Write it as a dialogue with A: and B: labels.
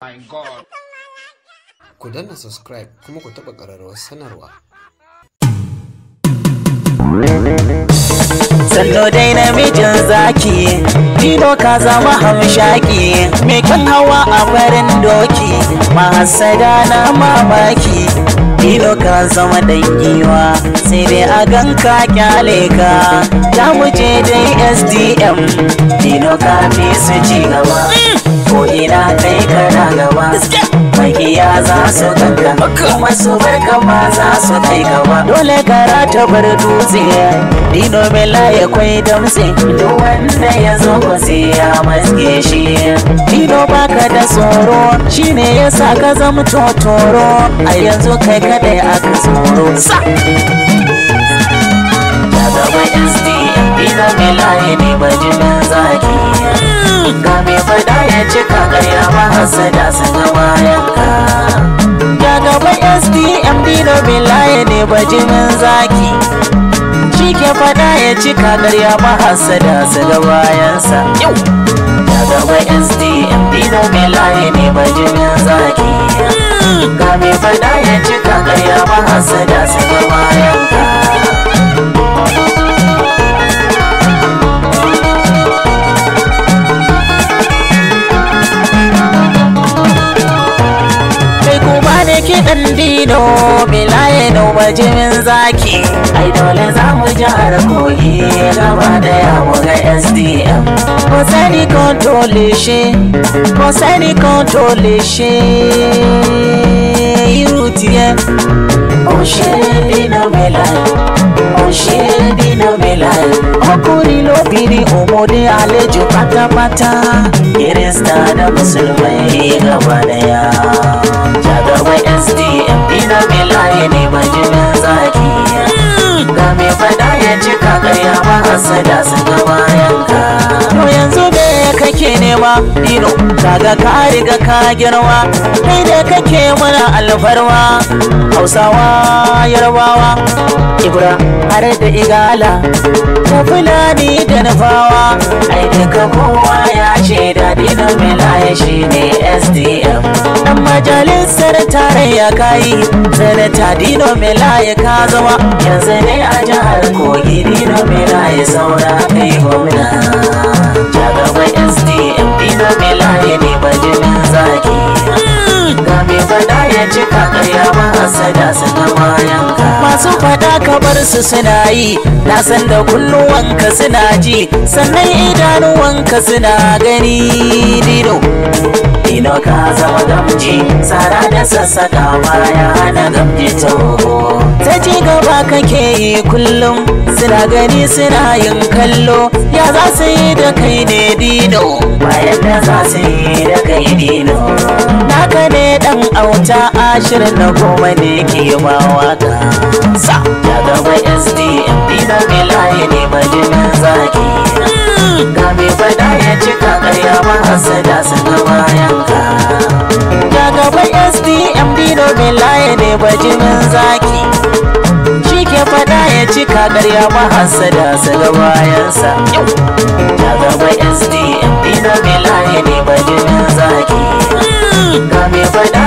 A: my ku danna subscribe kuma ku taɓa ƙararrawar sanarwa Sallo dai namijin zaki, filo ka zama hamshaki, me kan a farin doki, hasada na mamaki, filo ka zama dangiwa sai dai a ganka kyale ka, ta muje dai SDM, filo ka fi su ci gaba, ko ina kai gaba makiya za su kalla kuma su barka ma za su kai gaba dole gara ta bar dutse dino mai ya kwai damse, duk wanda ya zo ko sai ya maske shi dino baka da tsoro shine yasa ka zama totoro a yanzu kai kadai aka tsoro sa gaba ina mai layi ne bajinin zaki hmm. ga mai fada ya cika gaya hasada su ga bayan ka ya sdm dino dino bilaye ne bajimin zaki shi ke fada ya cika garya ba hasada su ga bayansa yau sdm dino stm dino ne ne bajimin zaki hmm. ga mai fada ya cika garya ba hasada su ga bayansa ido belaye da bajimin zaki ai dole za mu jihar kogi gaba da yawo ga sdm ko sani ko shi ko sani ko dole shi iru tiye o ṣe bínú belaye o ṣe bínú bilaye ọkùnrin lóbìnrin òmòdé àlejò pátápátá kirista da musulmai gaba da yawo. mai sdm ina mai laye ne bakin zaki ga mai fada ya cika karya ba a sadasa. kake nema dino kaga ka riga ka girma kai da kake mana alfarma hausawa yarbawa ibra har da igala ta fulani da Nafawa. ai duka kowa ya ce da na milaya shi ne sdm dan majalisar tarayya kayi sanata dino milaya ka zama yanzu ne a jihar kogi dino milaya saura kai gwamna sada sana bayan ka masu faɗa ka su suna yi na san da kunnuwanka suna ji sannan idanuwanka suna gani dino dino ka zama gamji tsara da sassaka baya na gamji toho ta ji gaba kake yi kullum suna gani suna yin kallo ya za su yi da kai ne dino bayan da za su yi da kai dino naka ne dan auta ashirin na goma ne ke ma waka sa da ysdm ina mai laye ne majinin zaki ga mai fada ya cika karya ba hasada sana bayan ka ga gaba sdm dino mai laye ne bajinin zaki shi ke fada ya cika karya ba hasada sana bayansa ga gaba sdm dino mai laye ne bajinin zaki ga mai fada